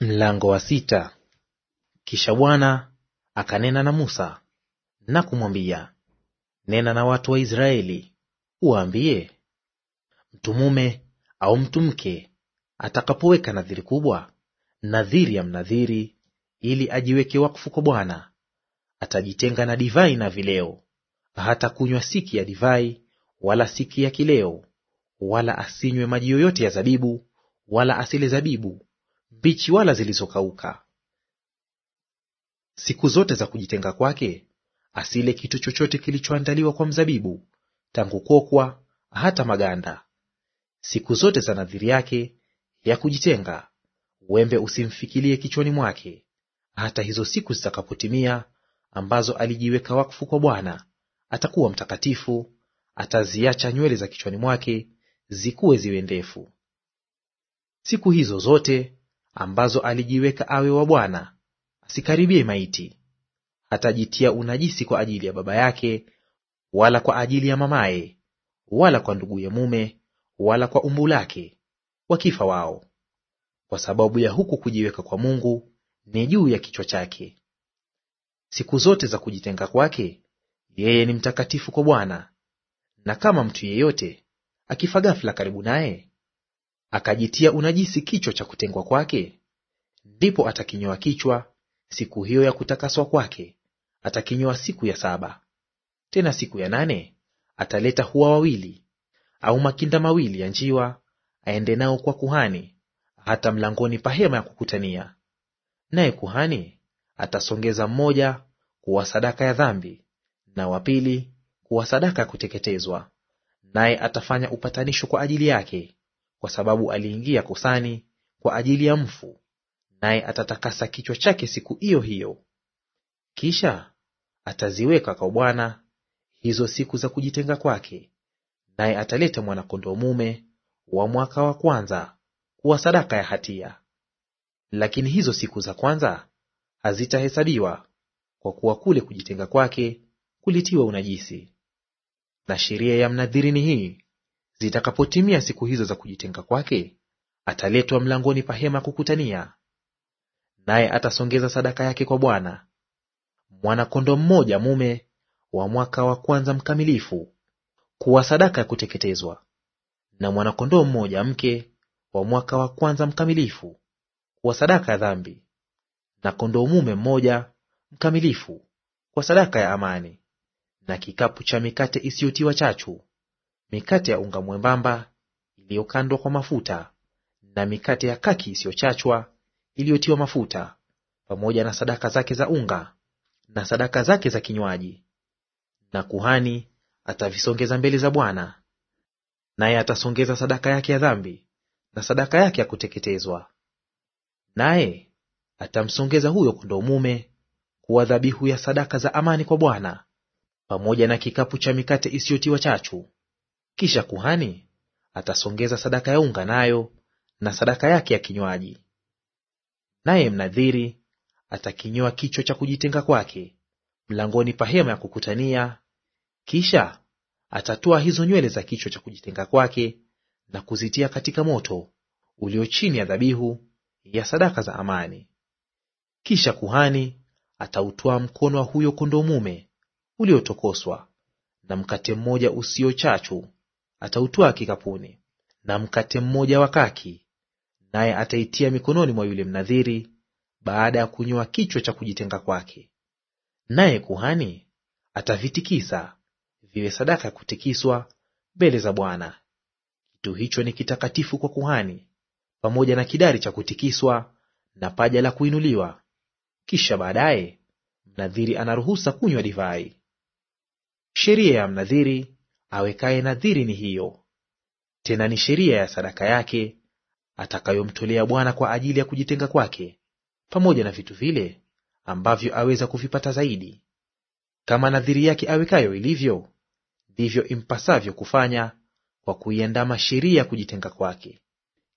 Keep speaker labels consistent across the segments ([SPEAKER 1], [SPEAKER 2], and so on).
[SPEAKER 1] Mlango wa sita. Kisha Bwana akanena na Musa na kumwambia, nena na watu wa Israeli uwaambie, mtu mume au mtu mke atakapoweka nadhiri kubwa, nadhiri ya mnadhiri, ili ajiweke wakfu kwa Bwana, atajitenga na divai na vileo, hata kunywa siki ya divai wala siki ya kileo, wala asinywe maji yoyote ya zabibu, wala asile zabibu mbichi wala zilizokauka. Siku zote za kujitenga kwake asile kitu chochote kilichoandaliwa kwa mzabibu, tangu kokwa hata maganda. Siku zote za nadhiri yake ya kujitenga wembe usimfikilie kichwani mwake, hata hizo siku zitakapotimia, ambazo alijiweka wakfu kwa Bwana. Atakuwa mtakatifu, ataziacha nywele za kichwani mwake zikuwe ziwe ndefu. Siku hizo zote ambazo alijiweka awe wa Bwana, asikaribie maiti. Hatajitia unajisi kwa ajili ya baba yake, wala kwa ajili ya mamaye, wala kwa nduguye mume, wala kwa umbu lake, wakifa wao. Kwa sababu ya huku kujiweka kwa Mungu ni juu ya kichwa chake. Siku zote za kujitenga kwake yeye ni mtakatifu kwa Bwana. Na kama mtu yeyote akifa gafula karibu naye, akajitia unajisi kichwa cha kutengwa kwake, ndipo atakinyoa kichwa siku hiyo ya kutakaswa kwake, atakinyoa siku ya saba. Tena siku ya nane ataleta hua wawili au makinda mawili ya njiwa, aende nao kwa kuhani hata mlangoni pa hema ya kukutania. Naye kuhani atasongeza mmoja kuwa sadaka ya dhambi na wa pili kuwa sadaka ya kuteketezwa, naye atafanya upatanisho kwa ajili yake kwa sababu aliingia kosani kwa ajili ya mfu, naye atatakasa kichwa chake siku hiyo hiyo. Kisha ataziweka kwa Bwana hizo siku za kujitenga kwake, naye ataleta mwanakondo mume wa mwaka wa kwanza kuwa sadaka ya hatia. Lakini hizo siku za kwanza hazitahesabiwa, kwa kuwa kule kujitenga kwake kulitiwa unajisi. Na sheria ya mnadhiri ni hii Zitakapotimia siku hizo za kujitenga kwake, ataletwa mlangoni pa hema kukutania, naye atasongeza sadaka yake kwa Bwana, mwana mmoja mume wa mwaka wa kwanza mkamilifu kuwa sadaka ya kuteketezwa, na mwana mmoja mke wa mwaka wa kwanza mkamilifu kuwa sadaka ya dhambi, na kondoo mume mmoja mkamilifu kwa sadaka ya amani, na kikapu cha mikate isiyotiwa chachu mikate ya unga mwembamba iliyokandwa kwa mafuta, na mikate ya kaki isiyochachwa iliyotiwa mafuta, pamoja na sadaka zake za unga na sadaka zake za kinywaji. Na kuhani atavisongeza mbele za Bwana, naye atasongeza sadaka yake ya dhambi na sadaka yake ya kuteketezwa, naye atamsongeza huyo kondoo mume kuwa dhabihu ya sadaka za amani kwa Bwana, pamoja na kikapu cha mikate isiyotiwa chachu kisha kuhani atasongeza sadaka ya unga nayo na sadaka yake ya kinywaji, naye mnadhiri atakinyoa kichwa cha kujitenga kwake mlangoni pa hema ya kukutania, kisha atatoa hizo nywele za kichwa cha kujitenga kwake na kuzitia katika moto ulio chini ya dhabihu ya sadaka za amani. Kisha kuhani atautoa mkono wa huyo kondoo mume uliotokoswa na mkate mmoja usio chachu atautwaa kikapuni na mkate mmoja wa kaki, naye ataitia mikononi mwa yule mnadhiri baada ya kunyoa kichwa cha kujitenga kwake. Naye kuhani atavitikisa viwe sadaka ya kutikiswa mbele za Bwana. Kitu hicho ni kitakatifu kwa kuhani, pamoja na kidari cha kutikiswa na paja la kuinuliwa. Kisha baadaye mnadhiri anaruhusa kunywa divai. Sheria ya mnadhiri awekaye nadhiri ni hiyo. Tena ni sheria ya sadaka yake atakayomtolea Bwana kwa ajili ya kujitenga kwake, pamoja na vitu vile ambavyo aweza kuvipata zaidi. Kama nadhiri yake awekayo ilivyo, ndivyo impasavyo kufanya kwa kuiandama sheria ya kujitenga kwake.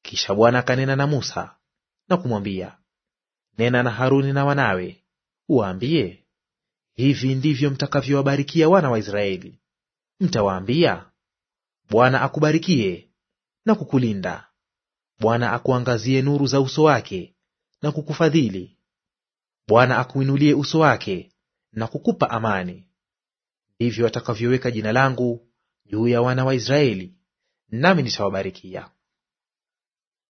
[SPEAKER 1] Kisha Bwana akanena na Musa na kumwambia, nena na Haruni na wanawe, uwaambie, hivi ndivyo mtakavyowabarikia wana wa Israeli Mtawaambia, Bwana akubarikie na kukulinda; Bwana akuangazie nuru za uso wake na kukufadhili; Bwana akuinulie uso wake na kukupa amani. Ndivyo watakavyoweka jina langu juu ya wana wa Israeli, nami nitawabarikia.